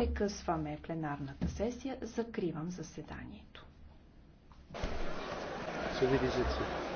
Прекъсваме пленарната сесия. Закривам заседанието. Ще